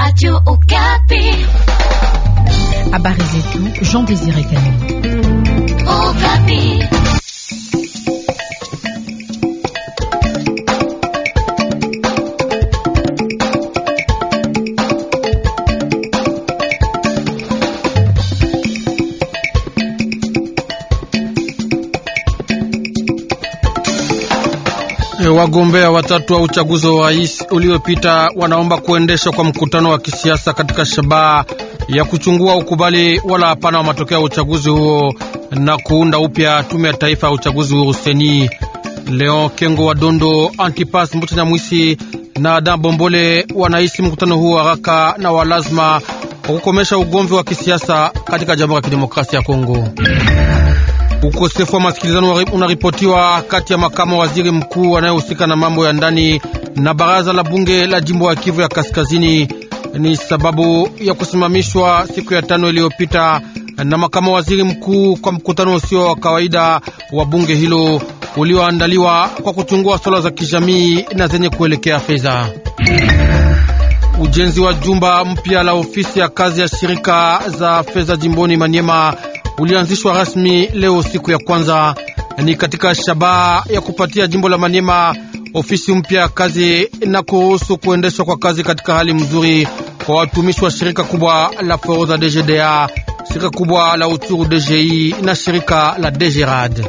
Radio Okapi. Habari zetu Jean Désiré Kanyama. Okapi. Wagombea watatu wa uchaguzi wa rais uliopita wanaomba kuendeshwa kwa mkutano wa kisiasa katika shabaha ya kuchungua ukubali wala hapana wa matokeo ya uchaguzi huo na kuunda upya tume ya taifa ya uchaguzi huru seni. Leon Kengo wa Dondo, Antipas na Mwisi na Adam Bombole wanaishi mkutano huo haraka na wa lazima kwa kukomesha ugomvi wa kisiasa katika Jamhuri ya Kidemokrasia ya Kongo. Ukosefu wa masikilizano unaripotiwa kati ya makamu waziri mkuu anayehusika na mambo ya ndani na baraza la bunge la jimbo ya Kivu ya Kaskazini ni sababu ya kusimamishwa siku ya tano iliyopita na makamu waziri mkuu kwa mkutano usio wa kawaida wa bunge hilo ulioandaliwa kwa kuchungua swala za kijamii na zenye kuelekea fedha. Ujenzi wa jumba mpya la ofisi ya kazi ya shirika za fedha jimboni Maniema ulianzishwa rasmi leo siku ya kwanza, ni katika shabaha ya kupatia jimbo la Maniema ofisi mpya ya kazi na kuruhusu kuendeshwa kwa kazi katika hali mzuri kwa watumishi wa shirika kubwa la forodha DGDA, shirika kubwa la uturu DGI na shirika la DGRAD.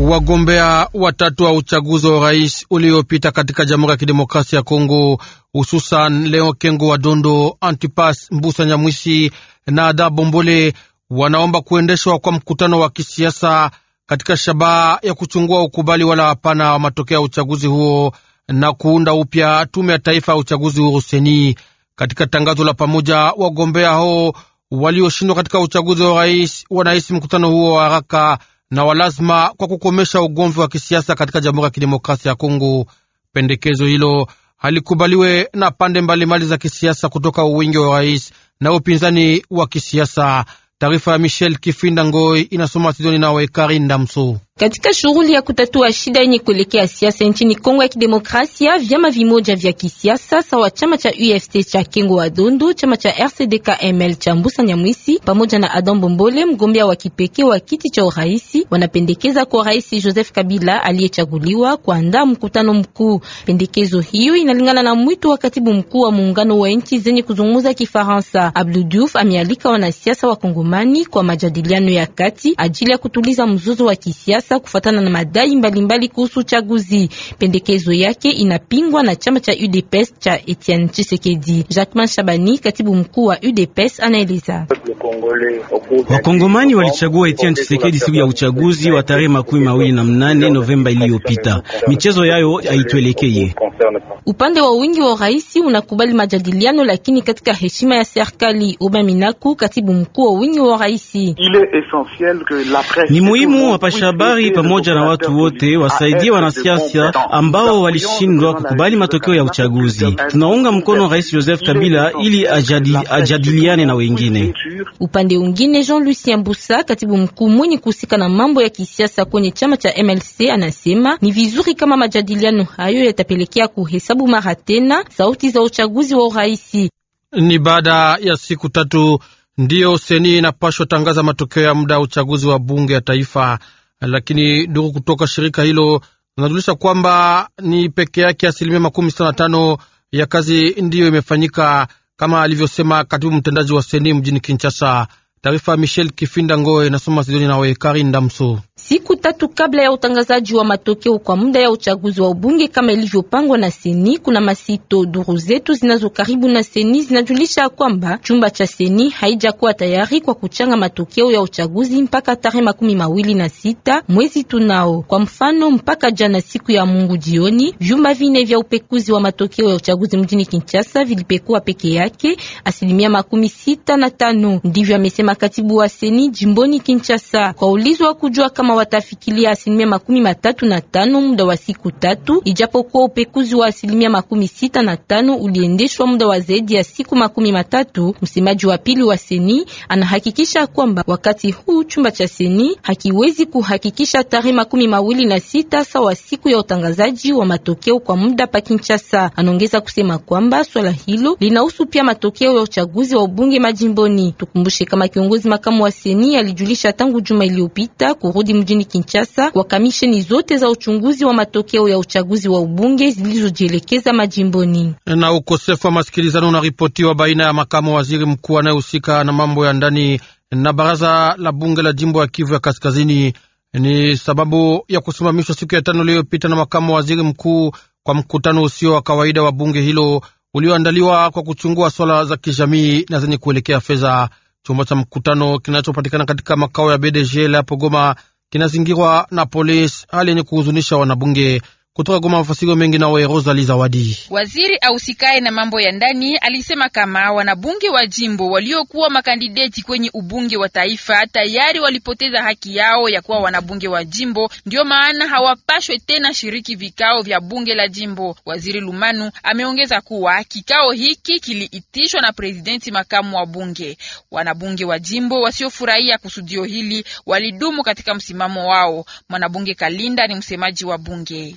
Wagombea watatu wa uchaguzi wa urais uliopita katika Jamhuri ya Kidemokrasia ya Kongo, hususan Leon Kengo wa Dondo, Antipas Mbusa Nyamwisi na Ada Bombole wanaomba kuendeshwa kwa mkutano wa kisiasa katika shabaha ya kuchungua ukubali wala hapana wa matokeo ya uchaguzi huo na kuunda upya tume ya taifa ya uchaguzi huru seni. Katika tangazo la pamoja, wagombea hao walioshindwa katika uchaguzi wa urais wanahisi mkutano huo wa haraka na walazima kwa kukomesha ugomvi wa kisiasa katika Jamhuri ya Kidemokrasia ya Kongo. Pendekezo hilo halikubaliwe na pande mbalimbali za kisiasa kutoka uwingi wa rais na upinzani wa kisiasa. Taarifa ya Michel Kifinda Ngoi inasoma Sidoni nawe Wekari ndamsu katika shughuli ya kutatua shida yenye kuelekea siasa nchini Kongo ya Kidemokrasia, vyama vimoja vya kisiasa sawa chama cha UFT cha Kingo wa Dundu, chama cha RCDKML cha Mbusa Nyamwisi pamoja na Adam Bombole, mgombea wa kipekee wa kiti cha uraisi, wanapendekeza kwa Rais Joseph Kabila aliyechaguliwa kuandaa mkutano mkuu. Pendekezo hiyo inalingana na mwito wa katibu mkuu wa muungano wa nchi zenye kuzungumza Kifaransa. Abdou Diouf amealika wanasiasa wa Kongomani kwa majadiliano ya kati ajili ya kutuliza mzozo wa kisiasa siasa kufuatana na madai mbalimbali kuhusu chaguzi. Pendekezo yake inapingwa na chama cha UDPS cha Etienne Tshisekedi. Jacquemin Shabani, katibu mkuu wa UDPS, anaeleza wakongomani walichagua Etienne Tshisekedi siku ya uchaguzi wa tarehe makumi mawili na mnane Novemba iliyopita. Michezo yayo haituelekeye. Upande wa wingi wa raisi unakubali majadiliano, lakini katika heshima ya serikali. Minaku, katibu mkuu wa wingi wa raisi: ni muhimu wapasha askari pamoja na watu wote wasaidie wanasiasa ambao walishindwa kukubali matokeo ya uchaguzi. Tunaunga mkono Rais Joseph Kabila ili ajadi, ajadiliane na wengine. Upande ungine, Jean Lucien busa katibu mkuu mwenye kuhusika na mambo ya kisiasa kwenye chama cha MLC, anasema ni vizuri kama majadiliano hayo yatapelekea kuhesabu mara tena sauti za uchaguzi wa uraisi. Ni baada ya siku tatu ndiyo seni inapashwa tangaza matokeo ya muda ya uchaguzi wa bunge ya taifa lakini ndugu kutoka shirika hilo anajulisha kwamba ni peke yake asilimia makumi sita na tano ya kazi ndiyo imefanyika kama alivyosema katibu mtendaji wa seni mjini Kinshasa. Taarifa Michel Kifinda Ngoe nasoma Sidoni nawe Karin Damso siku tatu kabla ya utangazaji wa matokeo kwa muda ya uchaguzi wa ubunge kama ilivyopangwa na Seni. Kuna masito duru zetu zinazo karibu na Seni zinajulisha kwamba chumba cha Seni haijakuwa tayari kwa kuchanga matokeo ya uchaguzi mpaka tarehe makumi mawili na sita mwezi tunao. Kwa mfano, mpaka jana siku ya Mungu jioni, vyumba vine vya upekuzi wa matokeo ya uchaguzi mjini Kinshasa vilipekua peke yake asilimia makumi sita na tano. Ndivyo amesema katibu wa Seni jimboni Kinshasa. Kwa ulizwa kujua kama kama watafikilia asilimia makumi matatu na tano muda wa siku tatu, ijapokuwa upekuzi wa asilimia makumi sita na tano uliendeshwa muda wa zaidi ya siku makumi matatu. Msemaji wa pili wa seni anahakikisha kwamba wakati huu chumba cha seni hakiwezi kuhakikisha tarehe makumi mawili na sita sawa siku ya utangazaji wa matokeo kwa muda pa Kinshasa. Anaongeza kusema kwamba swala hilo linahusu pia matokeo ya uchaguzi wa ubunge majimboni. Tukumbushe kama kiongozi makamu wa seni alijulisha tangu juma iliyopita kurudi mjini Kinshasa kwa kamisheni zote za uchunguzi wa matokeo ya uchaguzi wa ubunge zilizojielekeza majimboni. Na ukosefu wa masikilizano unaripotiwa baina ya makamu waziri mkuu anayehusika na mambo ya ndani na baraza la bunge la jimbo ya Kivu ya Kaskazini. Ni sababu ya kusimamishwa siku ya tano iliyopita na makamu waziri mkuu kwa mkutano usio wa kawaida wa bunge hilo ulioandaliwa kwa kuchungua swala za kijamii na zenye kuelekea fedha. Chumba cha mkutano kinachopatikana katika makao ya BDG hapo Goma kinazingirwa na polisi, hali yenye kuhuzunisha wanabunge kutoka Goma, mafasiriwa mengi nawe Rosali Zawadi. Waziri ausikae na mambo ya ndani alisema kama wanabunge wa jimbo waliokuwa makandideti kwenye ubunge wa taifa tayari walipoteza haki yao ya kuwa wanabunge wa jimbo, ndio maana hawapashwe tena shiriki vikao vya bunge la jimbo. Waziri Lumanu ameongeza kuwa kikao hiki kiliitishwa na presidenti makamu wa bunge. Wanabunge wa jimbo wasiofurahia kusudio hili walidumu katika msimamo wao. Mwanabunge Kalinda ni msemaji wa bunge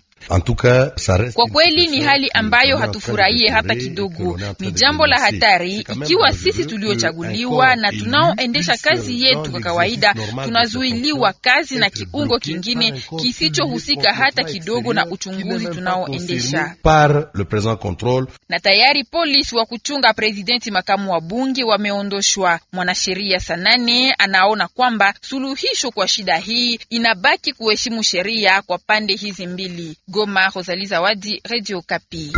kwa kweli ni hali ambayo hatufurahie hata kidogo. Ni jambo la hatari ikiwa sisi tuliochaguliwa na tunaoendesha kazi yetu kwa kawaida tunazuiliwa kazi na kiungo kingine kisichohusika hata kidogo na uchunguzi tunaoendesha. Na tayari polisi wa kuchunga presidenti makamu wa bunge wameondoshwa. Mwanasheria Sanane anaona kwamba suluhisho kwa shida hii inabaki kuheshimu sheria kwa pande hizi mbili. Goma, Rosalie Zawadi, Radio Kapi.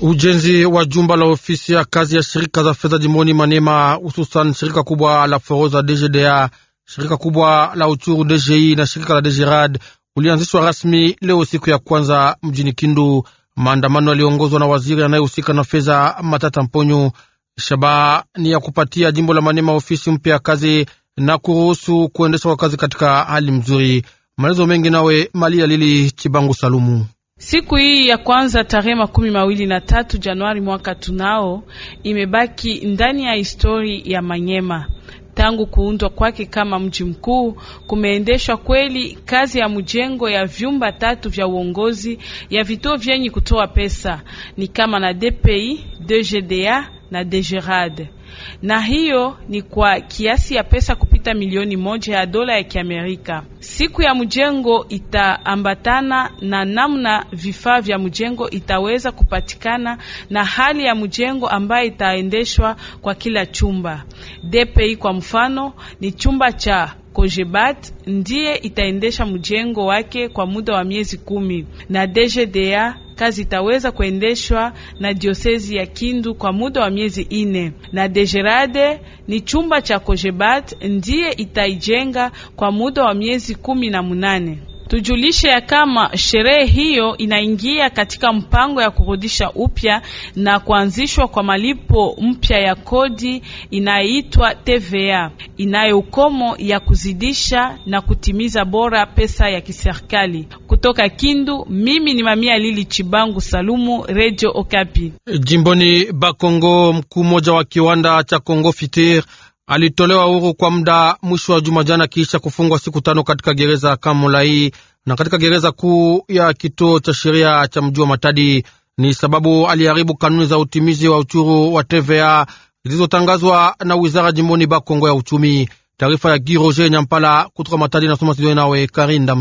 Ujenzi wa jumba la ofisi ya kazi ya shirika za fedha jimboni Manema, hususan shirika kubwa la forodha DGDA, shirika kubwa la uchuru DGI na shirika la DGRAD ulianzishwa rasmi leo siku ya kwanza mjini Kindu. Maandamano yaliongozwa na waziri anayehusika na fedha Matata Mponyo. Shabaha ni ya kupatia jimbo la Manema ofisi mpya ya kazi na kuruhusu kuendesha kwa kazi katika hali mzuri. Maelezo mengi nawe ya Lili Chibangu Salumu. Siku hii ya kwanza tarehe makumi mawili na tatu Januari mwaka tunao imebaki ndani ya histori ya Manyema. Tangu kuundwa kwake kama mji mkuu, kumeendeshwa kweli kazi ya mjengo ya vyumba tatu vya uongozi ya vituo vyenye kutoa pesa ni kama na DPI, DGDA na DGRAD na hiyo ni kwa kiasi ya pesa kupita milioni moja ya dola ya Kiamerika. Siku ya mjengo itaambatana na namna vifaa vya mjengo itaweza kupatikana na hali ya mjengo ambayo itaendeshwa kwa kila chumba. DPI kwa mfano ni chumba cha Kojebat ndiye itaendesha mjengo wake kwa muda wa miezi kumi na DGDA kazi itaweza kuendeshwa na diosezi ya Kindu kwa muda wa miezi ine, na Dejerade ni chumba cha Kojebat ndiye itaijenga kwa muda wa miezi kumi na munane. Tujulishe ya kama sherehe hiyo inaingia katika mpango ya kurudisha upya na kuanzishwa kwa malipo mpya ya kodi inayoitwa TVA inayo ukomo ya kuzidisha na kutimiza bora pesa ya kiserikali. Kutoka Kindu, mimi ni Mamia Lili Chibangu Salumu, Radio Okapi. Jimboni Bakongo, mkuu mmoja wa kiwanda cha Kongo Fitir alitolewa huru kwa muda mwisho wa juma jana kisha kufungwa siku tano katika gereza ya Kamolai na katika gereza kuu ya kituo cha sheria cha mji wa Matadi. Ni sababu aliharibu kanuni za utimizi wa uchuru wa TVA zilizotangazwa na wizara jimboni Bakongo ya uchumi. Taarifa ya Giroje Nyampala kutoka Matadi na Somasidoni nawe Karinda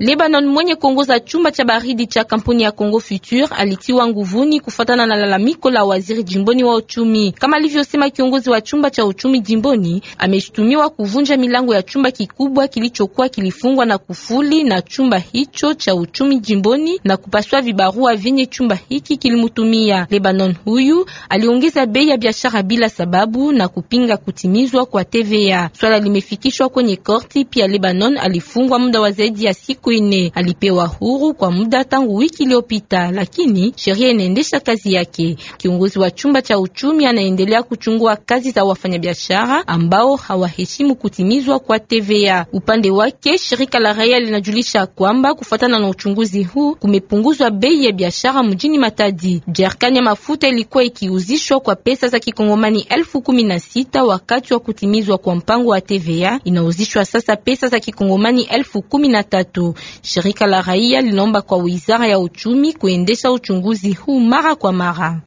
Lebanon mwenye kuongoza chumba cha baridi cha kampuni ya Congo Future alitiwa nguvuni kufuatana na lalamiko la waziri jimboni wa uchumi. Kama alivyosema kiongozi wa chumba cha uchumi jimboni, ameshutumiwa kuvunja milango ya chumba kikubwa kilichokuwa kilifungwa na kufuli na chumba hicho cha uchumi jimboni na kupaswa vibarua vyenye chumba hiki kilimutumia. Lebanon huyu aliongeza bei ya biashara bila sababu na kupinga kutimizwa kwa TVA. Swala limefikishwa kwenye korti. Pia Lebanon alifungwa muda wa zaidi ya siku siku ine. Alipewa huru kwa muda tangu wiki iliyopita, lakini sheria inaendesha kazi yake. Kiongozi wa chumba cha uchumi anaendelea kuchungua kazi za wafanyabiashara ambao hawaheshimu kutimizwa kwa TVA. Upande wake, shirika la raia linajulisha kwamba kufuatana na uchunguzi huu kumepunguzwa bei ya biashara mjini Matadi. Jerikani ya mafuta ilikuwa ikiuzishwa kwa pesa za kikongomani elfu kumi na sita wakati wa kutimizwa kwa mpango wa TVA, inauzishwa sasa pesa za kikongomani elfu kumi na tatu. Shirika la raia linaomba kwa wizara ya uchumi kuendesha uchunguzi huu mara kwa mara.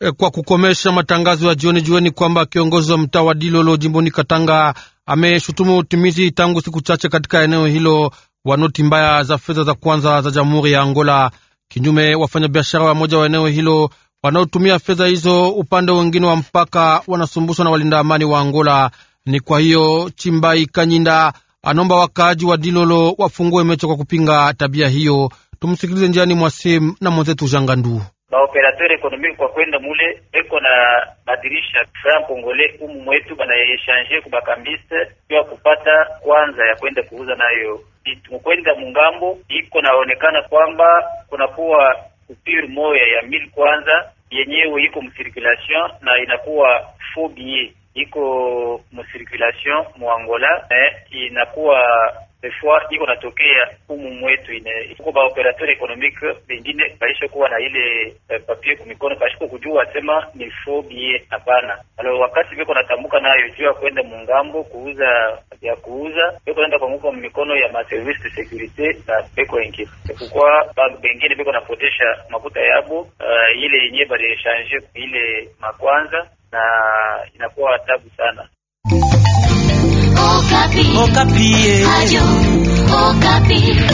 E, kwa kukomesha matangazo ya jioni jioni kwamba kiongozi wa mtaa wa Dilolo jimboni Katanga ameshutumu utumizi tangu siku chache katika eneo hilo wa noti mbaya za fedha za kwanza za jamhuri ya Angola. Kinyume, wafanyabiashara wa moja wa eneo hilo wanaotumia fedha hizo upande wengine wa mpaka wanasumbushwa na walinda amani wa Angola. Ni kwa hiyo Chimbai Kanyinda Anomba wakaaji wa Dilolo wafungue mecho kwa kupinga tabia hiyo. Tumsikilize njiani simu na mwenzetu Jangandu. Baoperateur ekonomiki kwa kwenda mule eko na badirisha fran kongole umu mwetu banaechange kubakambiste ya kupata kwanza ya kwenda kuuza nayo mukwenda mungambo iko naonekana kwamba kunakuwa kupiru moya ya mil kwanza yenyewe iko mcirculation na inakuwa fobie iko musirculation Angola eh, inakuwa efoi iko natokea humu mwetu ine ba baoperateur economique bengine baisha kuwa na ile eh, papie kumikono kashiko kujua sema ni fobie hapana. Alo wakati beko natambuka nayo juu ya kwenda mungambo kuuza ya kuuza beko naenda kuanguka mumikono ya maservice de securite na beko ingi ekukwa bengine beko napotesha makuta yabo uh, ile yenyewe baliechange ile makwanza na inakuwa tabu sana. Okapi. Okapi.